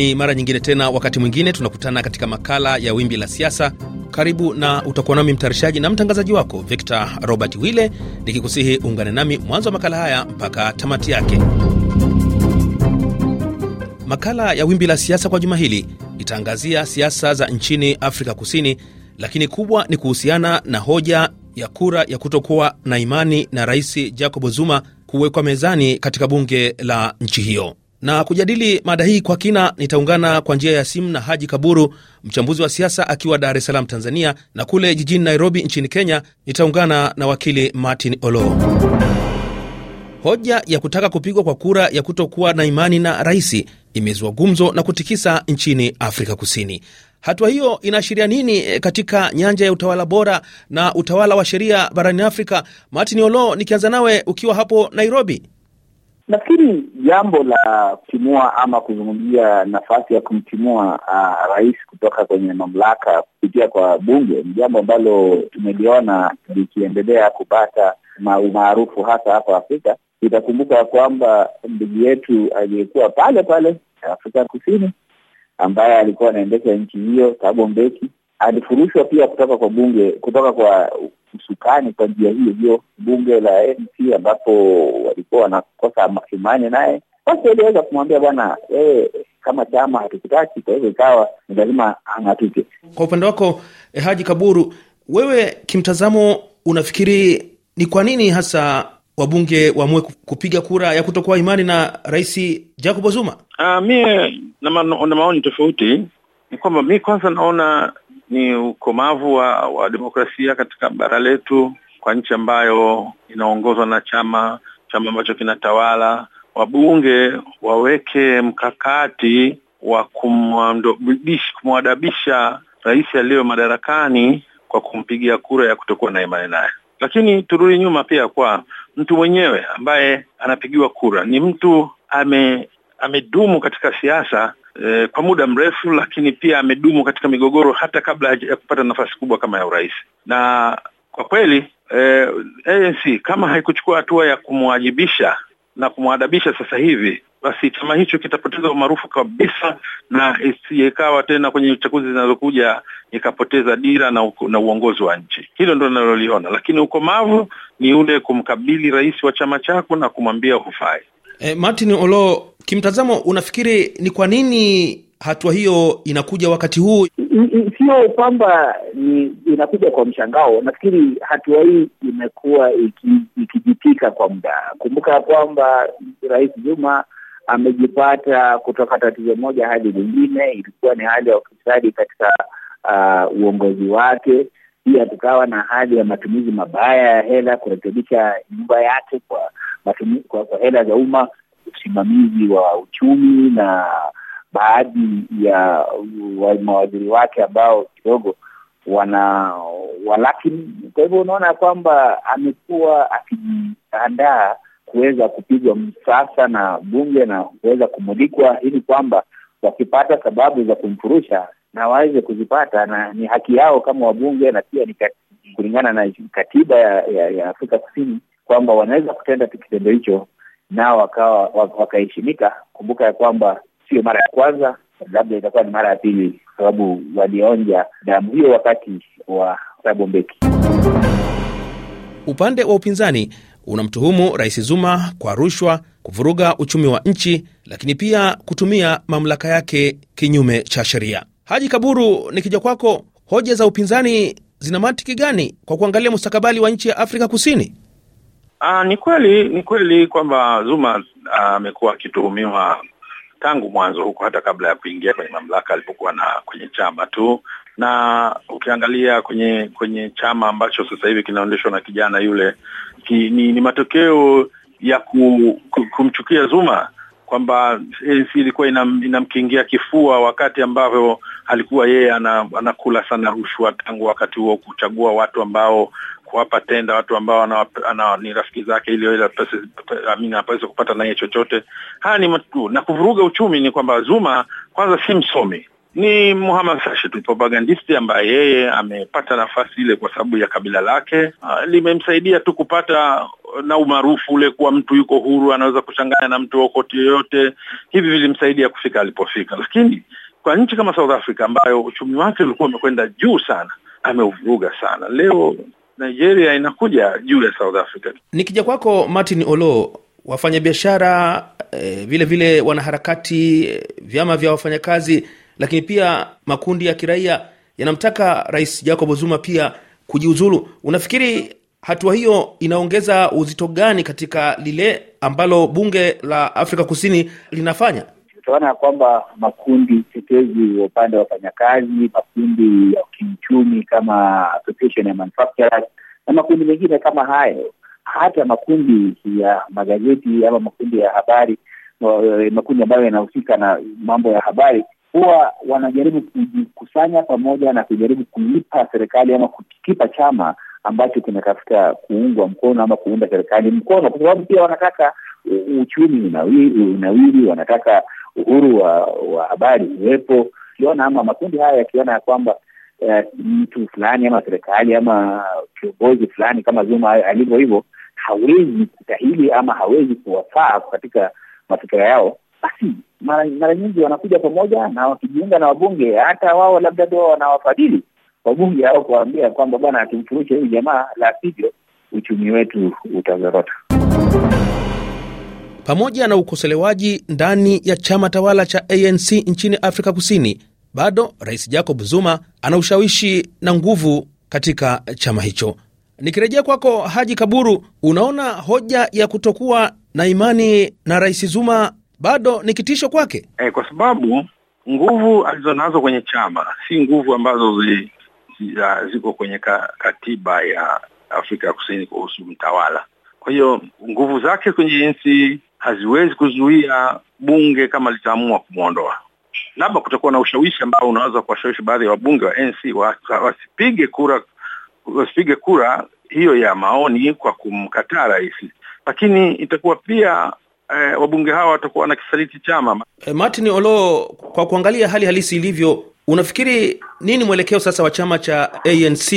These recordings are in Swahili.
Ni mara nyingine tena, wakati mwingine tunakutana katika makala ya Wimbi la Siasa. Karibu na utakuwa nami mtayarishaji na mtangazaji wako victo Robert Wille, nikikusihi uungane nami mwanzo wa makala haya mpaka tamati yake. Makala ya Wimbi la Siasa kwa juma hili itaangazia siasa za nchini Afrika Kusini, lakini kubwa ni kuhusiana na hoja ya kura ya kutokuwa na imani na Rais Jacob Zuma kuwekwa mezani katika bunge la nchi hiyo. Na kujadili mada hii kwa kina, nitaungana kwa njia ya simu na Haji Kaburu, mchambuzi wa siasa akiwa Dar es Salaam, Tanzania, na kule jijini Nairobi nchini Kenya nitaungana na wakili Martin olo Hoja ya kutaka kupigwa kwa kura ya kutokuwa na imani na rais imezua gumzo na kutikisa nchini Afrika Kusini. Hatua hiyo inaashiria nini eh, katika nyanja ya utawala bora na utawala wa sheria barani Afrika? Martin olo nikianza nawe ukiwa hapo Nairobi. Nafikiri jambo la kutimua ama kuzungumzia nafasi ya kumtimua uh, rais kutoka kwenye mamlaka kupitia kwa bunge ni jambo ambalo tumeliona likiendelea kupata umaarufu hasa hapa Afrika. Itakumbuka kwamba ndugu yetu aliyekuwa pale pale Afrika Kusini ambaye alikuwa anaendesha nchi hiyo, Thabo Mbeki alifurushwa pia kutoka kwa bunge kutoka kwa usukani kwa njia hiyo hiyo, bunge la NC ambapo walikuwa wanakosa imani naye. Basi aliweza kumwambia bwana, wewe kama chama hatukutaki, kwa hivyo ikawa ni lazima ang'atuke. Kwa upande wako eh, Haji Kaburu, wewe kimtazamo, unafikiri ni kwa nini hasa wabunge waamue kupiga kura ya kutokuwa imani na Rais Jacob Zuma? Uh, mie na, ma na maoni tofauti. Ni kwamba mi kwanza naona ni ukomavu wa, wa demokrasia katika bara letu, kwa nchi ambayo inaongozwa na chama chama ambacho kinatawala. Wabunge waweke mkakati wa kumwadabisha rais aliyo madarakani kwa kumpigia kura ya kutokuwa na imani naye. Lakini turudi nyuma pia, kwa mtu mwenyewe ambaye anapigiwa kura, ni mtu ame amedumu katika siasa e, kwa muda mrefu, lakini pia amedumu katika migogoro hata kabla ya kupata nafasi kubwa kama ya urais. Na kwa kweli e, ANC kama haikuchukua hatua ya kumwajibisha na kumwadabisha sasa hivi, basi chama hicho kitapoteza umaarufu kabisa, na isiyekawa tena kwenye uchaguzi zinazokuja ikapoteza dira na, na uongozi wa nchi. Hilo ndo linaloliona, lakini ukomavu ni ule kumkabili rais wa chama chako na kumwambia hufai. E, Martin Olo Kimtazamo, unafikiri ni kwa nini hatua hiyo inakuja wakati huu? Sio kwamba ni inakuja kwa mshangao. Nafikiri hatua hii imekuwa ikijipika iki kwa muda. Kumbuka kwamba Rais Juma amejipata kutoka tatizo moja hadi lingine. Ilikuwa ni hali ya ufisadi katika uh, uongozi wake, pia tukawa na hali ya matumizi mabaya ya hela, kurekebisha nyumba yake kwa, kwa, kwa hela za umma usimamizi wa uchumi na baadhi ya mawaziri wake ambao kidogo wana walakini. Kwa hivyo unaona kwamba amekuwa akijiandaa kuweza kupigwa msasa na bunge na kuweza kumulikwa, ili kwamba wakipata sababu za kumfurusha na waweze kuzipata, na ni haki yao kama wabunge, na pia ni kulingana na katiba ya, ya, ya Afrika Kusini kwamba wanaweza kutenda kitendo hicho nao wakawa wakaheshimika. Kumbuka ya kwamba sio mara ya kwanza, labda itakuwa ni mara ya pili, sababu walionja damu hiyo wakati wa Thabo Mbeki. Upande wa upinzani unamtuhumu Rais Zuma kwa rushwa, kuvuruga uchumi wa nchi, lakini pia kutumia mamlaka yake kinyume cha sheria. Haji Kaburu, nikija kwako, hoja za upinzani zina mantiki gani kwa kuangalia mustakabali wa nchi ya Afrika Kusini? Ah, ni kweli ni kweli kwamba Zuma ah, amekuwa akituhumiwa tangu mwanzo huko, hata kabla ya kuingia kwenye mamlaka alipokuwa na kwenye chama tu, na ukiangalia kwenye kwenye chama ambacho sasa hivi kinaondeshwa na kijana yule ki, ni, ni matokeo ya ku, ku, kumchukia Zuma kwamba ANC eh, ilikuwa inamkingia ina kifua wakati ambavyo alikuwa yeye anakula ana sana rushwa tangu wakati huo kuchagua watu ambao kuwapa tenda watu ambao ana, ana, ni rafiki zake ili ile pesa amini apaweze kupata naye chochote. Haya ni matu na kuvuruga uchumi. Ni kwamba Zuma kwanza si msomi, ni mhamasishaji tu, propagandisti ambaye yeye amepata nafasi ile kwa sababu ya kabila lake, ah, limemsaidia tu kupata uh, na umaarufu ule, kuwa mtu yuko huru, anaweza kuchanganya na mtu wakoti yoyote. Hivi vilimsaidia kufika alipofika, lakini kwa nchi kama South Africa ambayo uchumi wake ulikuwa umekwenda juu sana, ameuvuruga sana. Leo Nigeria inakuja juu ya South Africa. Nikija kwako Martin Olo, wafanyabiashara e, vile vile wanaharakati, e, vyama vya wafanyakazi, lakini pia makundi ya kiraia yanamtaka Rais Jacob Zuma pia kujiuzulu. Unafikiri hatua hiyo inaongeza uzito gani katika lile ambalo bunge la Afrika Kusini linafanya? utaona ya kwamba makundi tetezi wa upande wa wafanyakazi, makundi ya kiuchumi kama association ya manufacturers na makundi mengine kama hayo, hata makundi ya magazeti ama makundi ya habari, eh, makundi ambayo yanahusika na mambo ya habari huwa wanajaribu kujikusanya pamoja na kujaribu kuipa serikali ama kukipa chama ambacho kinatafuta kuungwa mkono ama kuunda serikali mkono, kwa sababu pia wanataka uchumi unawili wanataka uhuru wa, wa habari uwepo. Ukiona ama makundi haya yakiona ya kwamba eh, mtu fulani ama serikali ama kiongozi fulani kama Zuma alivyo hivyo hawezi kustahili ama hawezi kuwafaa katika mafikira yao, basi mara nyingi wanakuja pamoja na wakijiunga na wabunge, hata wao labda ndio wanawafadhili wabunge au kuwaambia kwamba bwana, atumfurushe huyu jamaa, la sivyo uchumi wetu utazorota. Pamoja na ukosolewaji ndani ya chama tawala cha ANC nchini Afrika Kusini, bado Rais Jacob Zuma ana ushawishi na nguvu katika chama hicho. Nikirejea kwako Haji Kaburu, unaona hoja ya kutokuwa na imani na Rais Zuma bado ni kitisho kwake? E, kwa sababu nguvu alizonazo kwenye chama si nguvu ambazo zi ziko kwenye ka, katiba ya Afrika ya Kusini kuhusu mtawala. Kwa hiyo nguvu zake kwenye jinsi haziwezi kuzuia bunge kama litaamua kumwondoa. Labda kutakuwa na ushawishi ambao unaweza kuwashawishi baadhi ya wabunge wa NC wasipige kura, wasipige kura hiyo ya maoni kwa kumkataa rais, lakini itakuwa pia eh, wabunge hawa watakuwa na kisaliti chama. E, eh, Martin olo kwa kuangalia hali halisi ilivyo, unafikiri nini mwelekeo sasa wa chama cha ANC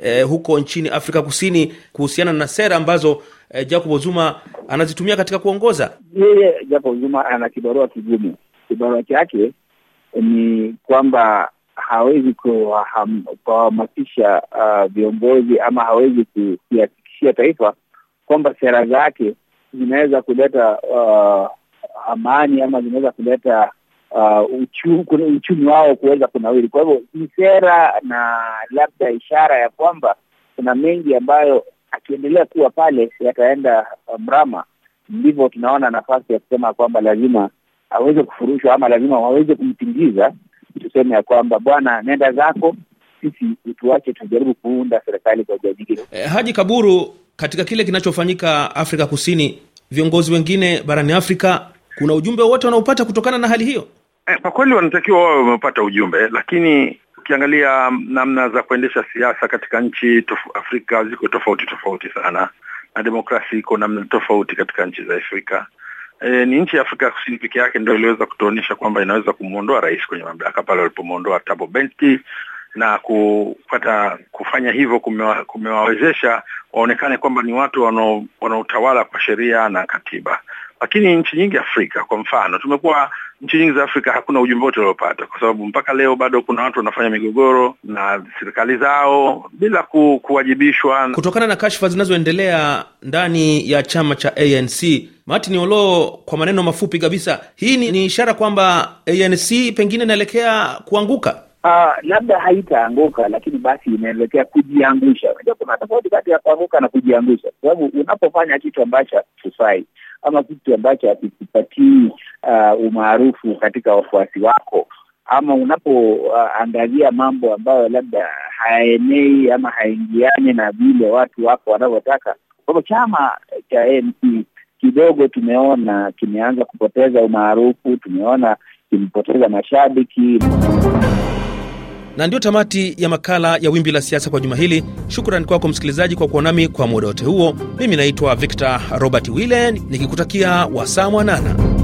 eh, huko nchini Afrika Kusini kuhusiana na sera ambazo eh, Jacob Zuma anazitumia katika kuongoza? Yeye Jacob Zuma ana kibarua kigumu. Kibarua chake ni kwamba hawezi kuwahamasisha uh, viongozi ama hawezi kuhakikishia taifa kwamba sera zake zinaweza kuleta uh, amani ama zinaweza kuleta uh, uchumi wao kuweza kunawiri. Kwa hivyo ni sera na labda ishara ya kwamba kuna mengi ambayo akiendelea kuwa pale yataenda uh, mrama. Ndivyo tunaona nafasi ya kusema kwamba lazima aweze kufurushwa ama lazima waweze kumpingiza, tuseme ya kwamba bwana, nenda zako, sisi utuache, tujaribu kuunda serikali kwa jamii. E, Haji Kaburu, katika kile kinachofanyika Afrika Kusini, viongozi wengine barani Afrika, kuna ujumbe wowote wanaopata kutokana na hali hiyo? Eh, kwa kweli wanatakiwa wawe wamepata ujumbe, lakini ukiangalia namna za kuendesha siasa katika nchi tof- Afrika ziko tofauti tofauti sana, na demokrasi iko namna tofauti katika nchi za Afrika. E, ni nchi ya Afrika Kusini peke yake ndo iliweza kutuonyesha kwamba inaweza kumwondoa rais kwenye mamlaka pale walipomwondoa tabo Mbeki na kupata kufanya hivyo kumewa, kumewawezesha waonekane kwamba ni watu wanaotawala kwa sheria na katiba. Lakini nchi nyingi Afrika, kwa mfano, tumekuwa nchi nyingi za Afrika hakuna ujumbe wote uliopata, kwa sababu mpaka leo bado kuna watu wanafanya migogoro na serikali zao bila ku, kuwajibishwa kutokana na kashfa zinazoendelea ndani ya chama cha ANC. Martin Olo, kwa maneno mafupi kabisa, hii ni, ni ishara kwamba ANC pengine inaelekea kuanguka. Uh, labda haitaanguka lakini basi inaelekea kujiangusha. Unajua kuna tofauti kati ya kuanguka na kujiangusha, kwa sababu unapofanya kitu ambacho hakikufai ama kitu ambacho hakikupatii uh, umaarufu katika wafuasi wako ama unapoangazia uh, mambo ambayo labda hayaenei ama haingiani na vile watu wako wanavyotaka. Kwa hivyo chama cha ANC kidogo tumeona kimeanza kupoteza umaarufu, tumeona kimepoteza mashabiki na ndiyo tamati ya makala ya Wimbi la Siasa kwa juma hili. Shukrani kwako msikilizaji kwa kuwa nami kwa muda wote huo. Mimi naitwa Victor Robert Wille nikikutakia wasaa mwanana.